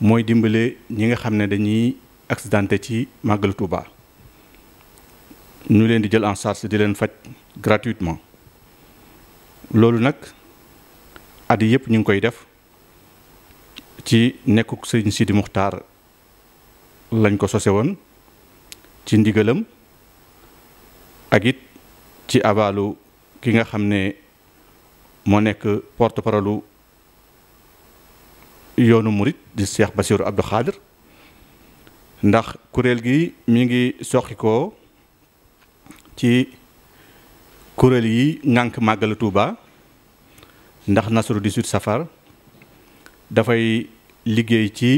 mooy dimbale ñi nga xam ne dañuy accidenté ci màggal Touba ñu leen di jël en charge di leen faj gratuitement loolu nag at yëpp ñu ngi koy def ci nekkuk sëriñ Sidi Muxtaar lañ ko sose woon ci ndigalam ak it ci abalu ki nga xam ne moo nekk porte-parole yoonu murit di Cheikh Bassirou Abdou Khadir ndax kuréel gi mu ngi soqikoo ci kuréel yi ŋànk màggal Touba ndax Nasru 18 safar dafay liggéey ci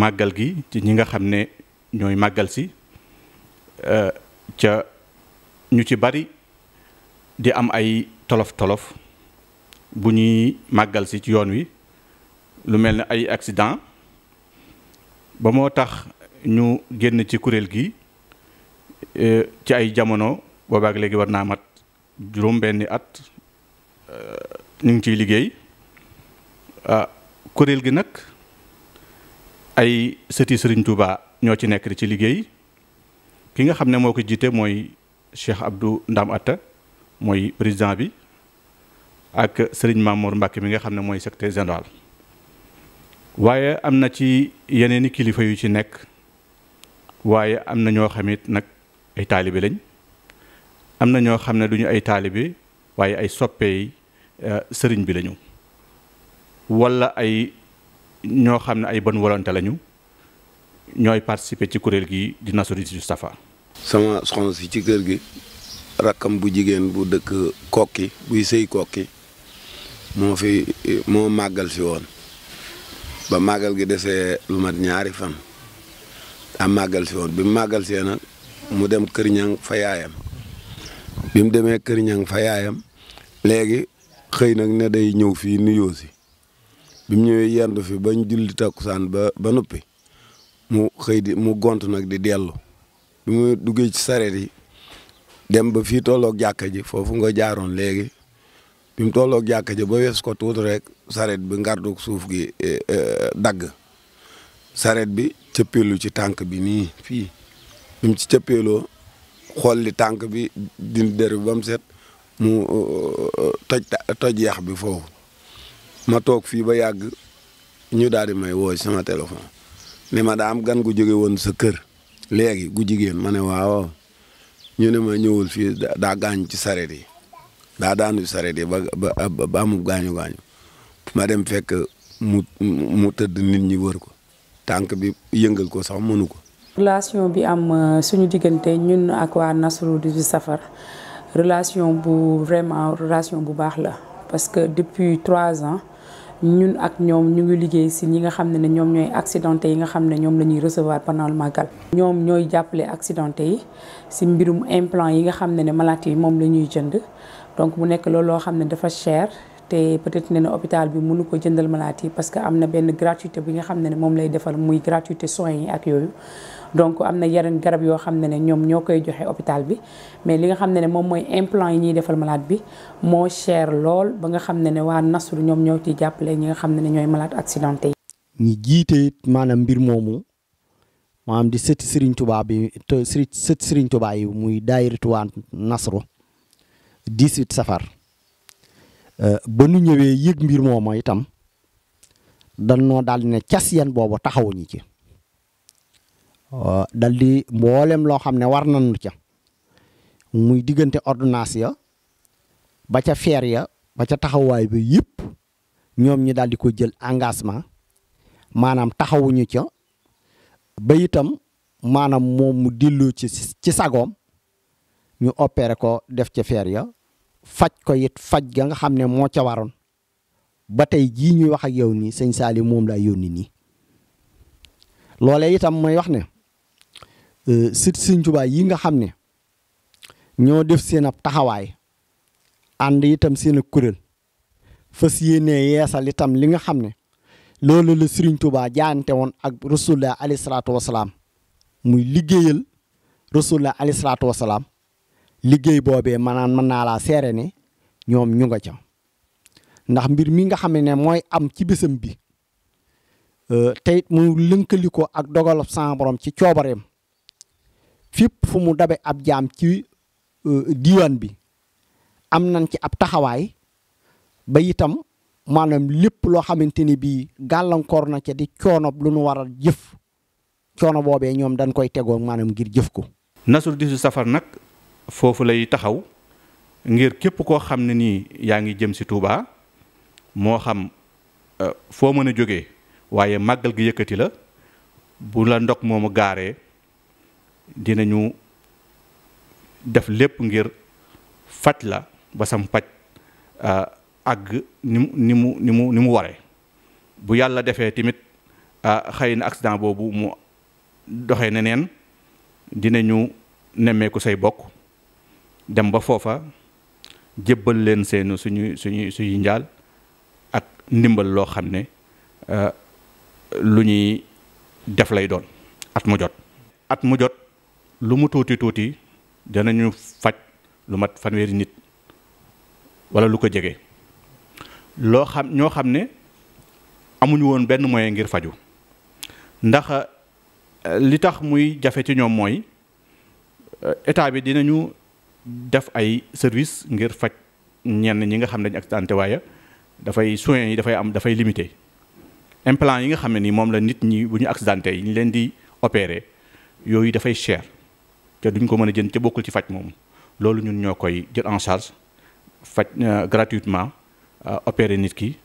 màggal gi ci ñi nga xam ne ñooy màggal si euh, ca ñu ci bari di am ay tolof tolof bu ñuy màggal si ci yoon wi lu mel ni ay accident ba moo tax ñu génn ci kuréel gi e, ci ay jamono boobaak léegi war naa mat juróom-benni at e, ñu ngi ciy liggéey kuréel gi nag ay sëti Sëriñ Tuuba ñoo ci nekk di ci liggéey ki nga xam ne moo ko jiite mooy Cheikh Abdou Ndam Atta mooy président bi ak Sëriñ maamoor Mbacke mi nga xam ne mooy secrétaire général waaye am na ci yeneeni kilifa yu ci nekk waaye am na ñoo xam it nag ay taalibe lañ am na ñoo xam ne duñu ay taalibe waaye ay soppeey eh, sëriñ bi lañu walla ay ñoo xam ne ay bonne volonté lañu ñooy participer ci kuréel gi di Nasrul Mustafa sama soxna yi ci kër gi rakkam bu jigéen bu dëkk kokki buy sëy kokki moo fi moo màggal si woon ba màggal gi desee lu mat ñaari fan am màggal si woon bi mu màggal see nag mu dem kër ñang fa yaayam bi mu demee kër ñang fa yaayam léegi xëy nag ne day ñëw fii nuyoo si bi mu ñëwee yendu fi ba julli takkusaan ba ba noppi mu xëy di mu gont nag di dellu bi mu duggee ci sareet yi dem ba fi tolloog jàkka ji foofu nga jaaroon léegi bi mu tolloog jàkka ji ba wees ko tuuti rek sareet bi ngardu suuf gi eh, eh, dagg saret bi cëppeelu ci tànk bi nii fii bi mu ci cëppeeloo xool li tànk bi dindi der bi set mu eh, toj toj bi foo ma toog fii ba yàgg ñu daal may woo sama téléphone ne ma daa am gan gu jóge woon sa kër léegi gu jigéen ma ne waaw ñu ne ma ñëwul fii daa gaañ ci saret yi daa daanu sareet yi ba ba ba gaañu gaañu ma dem fekk mu mu tëdd nit ñi wër ko tànk bi yëngal ko sax mënu ko. relation bi am euh, suñu diggante ñun ak waa Nasrou di safar relation bu vraiment relation bu baax la parce que depuis trois ans ñun ak ñoom ñu ngi liggéey si ñi nga xam ne ne ñoom ñooy accidenté yi nga xam ne ñoom la ñuy recevoir pendant le magal. ñoom ñooy jàppale accidenté yi si mbirum implant yi nga xam ne ne maladie yi moom la ñuy jënd donc mu nekk loolu loo xam ne dafa cher. te peut-être ne na hôpital bi mënu ko jëndal malade yi parce que am na benn gratuité bi nga xam ne ne moom lay defal muy gratuité soins yi ak yooyu donc am na yeneen garab yoo xam ne ne ñoom ñoo koy joxe hôpital bi mais li nga xam ne ne moom mooy implant yi ñuy defal malaat bi moo cher lool ba nga xam ne ne waa Nasru ñoom ñoo ciy jàppale ñi nga xam ne ne ñooy malade accidenté yi ñi jiite maanaam mbir moomu am di sëti Serigne Touba bi sëti Serigne Touba yi muy daayiratu waa Nasru 18 safar Euh, ba nu ñëwee yëg mbir mooma itam danoo daal di ne cas yan boobu taxawuñu ci euh, dal di mboolem loo xam ne war nañu ca muy diggante ordonnance ya ba ca feer ya ba ca taxawaay bi yëpp ñoom ñu daal ko jël engagement maanaam taxawuñu ca ba itam maanaam moom mu dellu ci ci sagoom ñu opéré ko def ca feer ya faj ko it faj ga nga xam ne moo ca waroon ba tey jii ñuy wax ak yow nii sëñ moom laa yónni nii loolee itam mooy wax ne euh, sit sëñ Tuubaa yi nga xam ne ñoo def seen ab taxawaay ànd itam seen ak kuréel fas yéene yeesal itam li nga xam ne loolu la sëriñ Tuubaa jaante woon ak rasulullah alayhi salaatu wasalaam muy liggéeyal rasulullah alayhi salaatu wasalaam liggéey boobee maanaam mën naa laa seere ne ñoom ñu nga ca ndax mbir mi nga xam ne mooy am ci bésam bi euh, tey it mu lënkalikoo ak dogal sa borom ci coobareem fépp fu mu dabe ab jaam ci euh, diwaan bi am nañ ci ab taxawaay ba itam maanaam lépp loo xamante ni bii gàllankoor na ca di coono lu nu war jëf coono boobee ñoom dañ koy tegoo maanaam ngir jëf ko. nasul disu safar nag. foofu lay taxaw ngir képp koo xam ne nii yaa ngi jëm si Touba moo xam euh, foo mën a jóge waaye màggal gi yëkkati la bu la ndog moomu gaaree dinañu def lépp ngir faj la ba sam paj euh, àgg ni mu ni mu ni mu ware bu yàlla defee tamit euh, xëy na accident boobu mu doxee neneen ñu nemmeeku say bokk dem ba foofa jébbal leen seenu suñu suñuy suñu njaal ak ndimbal loo xam ne euh, lu ñuy def lay doon at mu jot at mu jot lu mu tuuti tuuti danañu faj lu mat fanweeri nit wala lu ko jege loo xam ñoo xam ne amuñu woon benn moyen ngir faju ndax euh, li tax muy jafe ci ñoom mooy euh, état bi dinañu def ay service ngir faj ñenn ñi nga xam ne dañ accidenté waaye dafay soins yi dafay am dafay limité implant yi nga xam ne nii moom la nit ñi bu ñu accidenté yi ñu leen di opérer yooyu dafay cher te duñ ko mën a jënd ca bokkul ci faj moom loolu ñun ñoo koy jël en charge faj euh, gratuitement euh, opérer nit ki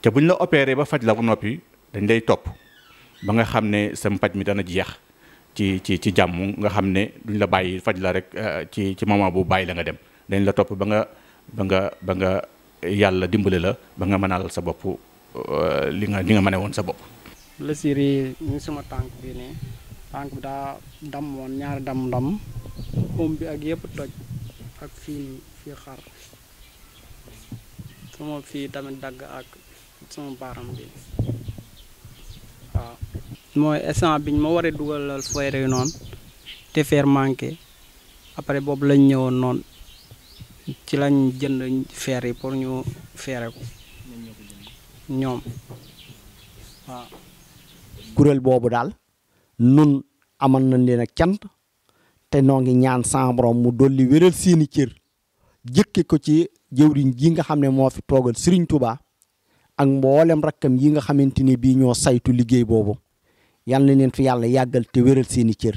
te bu ñu la opérer ba faj la ba noppi dañ lay topp ba nga xam ne sa paj mi dana jeex ci ci ci jàmm nga xam ne duñ la bàyyi faj la rek euh, ci ci moment bu bàyyi la nga dem dañ la topp ba nga ba nga ba yàlla dimbale la ba nga mënaal sa bopp euh, li nga li nga mëne woon sa bopp. blessure yi sama tànk bi nii tànk bi daa dam woon ñaari dam dam om bi ak yépp toj ak fii fii xar sama fii tamit dagg ak sama baaram bi waaw. mooy instant biñ ma waree dugalal foyre yu noon te fer manqué après boobu lañ ñëwoon noon ci lañ jënd fer yi pour ñu feere ko ñoom waaw. kuréel boobu daal nun amal nañ leen ak cant te noo ngi ñaan sama borom mu dolli wéral seeni cër jëkke ko ci jëwriñ ji nga xam ne moo fi toogal Serigne Touba ak mboolem rakkam yi nga xamante ni bii ñoo saytu liggéey boobu yal na leen fi yàlla yàggal te wéral seeni i cër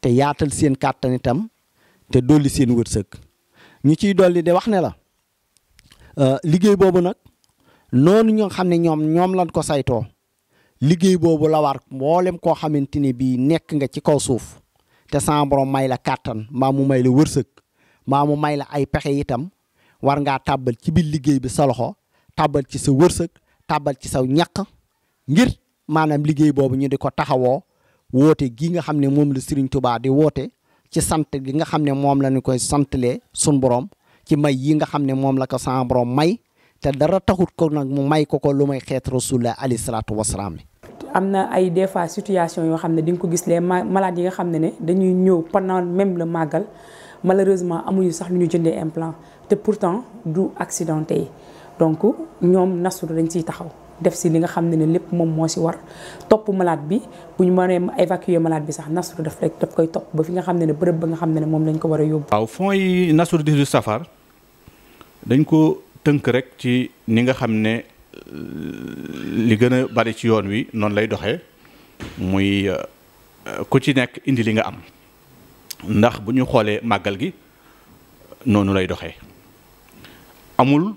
te yaatal seen kàttan itam te dolli seen wërsëg ñu ciy dolli de wax ne la euh, liggéey boobu nag noonu ñoo xam ne ñoom ñoom lañ ko saytoo liggéey boobu la war mboolem koo xamante ni bii nekk nga ci kaw suuf te sa may la kàttan mbaa mu may la wërsëg mbaa may la ay pexe itam war ngaa tàbbal ci biir liggéey bi sa loxo tàbbal ci sa wërsëg tàbbal ci saw ñàq ngir maanaam liggéey boobu ñu di ko taxawoo woote gii nga xam ne moom la Serigne tubaab di woote ci sant gi nga xam ne moom la ñu koy santalee sun borom ci may yi nga xam ne moom la ko sama borom may te dara taxut ko nag mu may ko ko lu may xeet rasulullah alayhi salaatu wasalaam am na ay des fois situation yoo xam ne di nga ko gis les malades yi nga xam ne ne dañuy ñëw pendant même la màggal malheureusement amuñu sax lu ñu jëndee implant te pourtant du accidenté yi donc ñoom nasu dañ ciy taxaw def si li nga xam ne ne lépp moom moo si war topp malaat bi bu ñu mënee évacuer malaat bi sax Nasru daf rek daf koy topp ba fi nga xam ne ne bërëb ba nga xam ne ne moom lañ ko war a yóbbu. waaw fonds yi Nasru 18 Safar dañ ko tënk rek ci ni nga xam ne euh, li gën a bari ci yoon wi noonu lay doxe muy euh, ku ci nekk indi li nga am ndax bu ñu xoolee màggal gi noonu lay doxee amul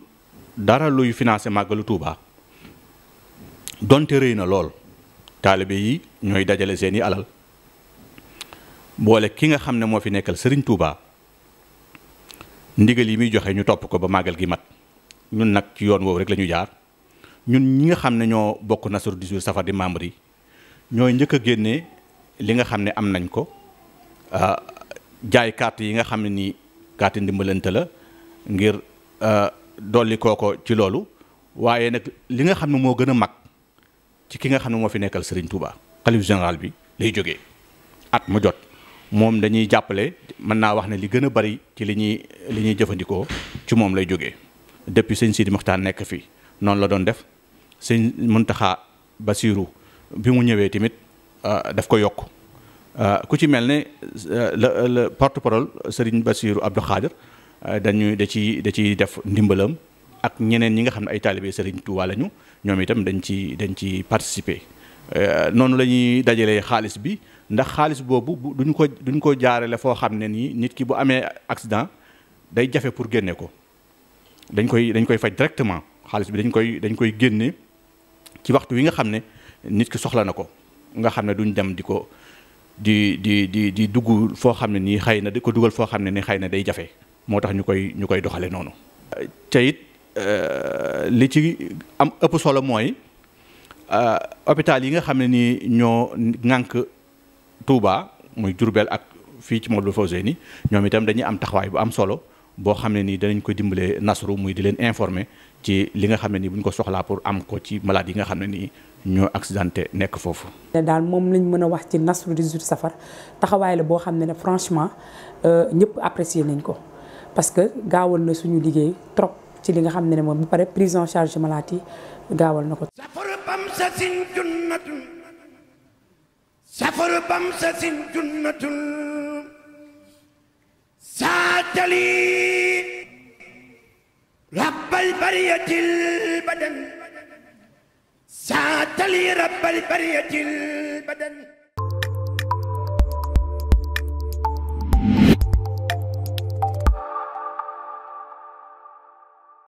dara luy financé màggalu Touba. donte rëy na lool taalibe yi ñooy dajale seeni alal boole ki nga xam ne moo fi nekkal sëriñ Touba ndigal yi muy joxe ñu topp ko ba màggal gi mat ñun nag ci yoon woowu rek la jaar ñun ñi nga xam ne ñoo bokk Nasrou-Djour Safar di membre yi ñooy njëkk a génne li nga xam ne am nañ ko ah, jaay carte yi nga xam ne nii carte ndimbalante la ngir ah, dolli ko ci loolu waaye nag li nga xam ne moo gën a mag ci ki nga xam ne moo fi nekkal Serigne Touba xalif général bi lay jógee at mu jot moom dañuy jàppale mën naa wax ne li gën a bari ci li ñuy li ñuy jëfandikoo ci moom lay jóge depuis sëñ Sidi Mokhtar nekk fi noonu la doon def sëñ Mountakha Bassirou bi mu ñëwee tamit euh, daf ko yokk euh, ku ci mel ne euh, le porte-parole Serigne Bassirou Abdou Khadir dañuy da ci da ciy def ndimbalam ak ñeneen ñi nga xam ne ay taalibe Serigne Touba lañu ñoom itam dañ ci dañ ci participer euh, noonu la ñuy dajalee xaalis bi ndax xaalis boobu duñu ko duñ ko jaarale foo xam ne nii nit ki bu amee accident day jafe pour génne ko dañ koy dañ koy faj directement xaalis bi dañ koy dañ koy génne ci waxtu wi nga xam ne nit ki soxla na ko nga xam ne duñ dem di ko di di di di dugg foo xam ne nii xëy na di ko dugal foo xam ne nii xëy na day jafe moo tax ñu koy ñu koy doxale noonu euh, te Euh, li ci am ëpp solo mooy euh, hôpital yi nga xam ne ni ñoo ŋànk Touba muy Diourbel ak fii ci Matlaboul ni ñoom itam dañuy am taxawaay bu am solo boo xam ne nii danañ koy dimbalee nasru muy di leen informer ci li nga xam ne ni buñ ko soxlaa pour am ko ci malade yi nga xam ne nii ñoo accidenté nekk foofu. daal moom lañ mën a wax ci nasru 18 safar taxawaay la boo xam ne ne franchement euh, ñëpp apprécier nañ ko parce que gaawal na suñu liggéey trop. ci li nga xam ne ne moom bu pare prise en charge malade gaawal na ko safaru bam sa sin junnatun safaru bam sa rabbal bariyatil badan